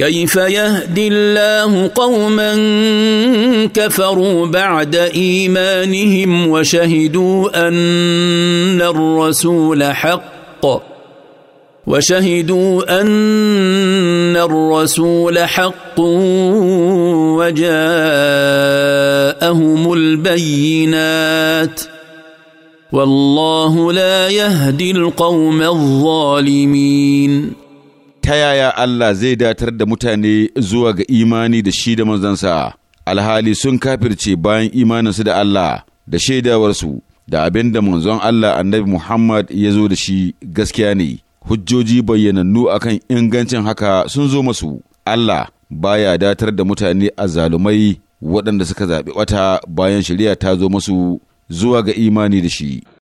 كيف يهدي الله قوما كفروا بعد ايمانهم وشهدوا ان الرسول حق وشهدوا ان الرسول حق وجاءهم البينات والله لا يهدي القوم الظالمين ta yaya Allah zai datar da mutane zuwa ga imani da shi da manzansa, alhali sun kafirce bayan imaninsu da Allah da shaidawarsu da abin da manzon Allah annabi Muhammad ya zo da shi gaskiya ne, hujjoji bayyanannu akan ingancin haka sun zo masu, Allah baya datar da mutane a zalumai waɗanda suka zaɓi wata bayan shari'a ta zo masu zuwa ga imani da shi.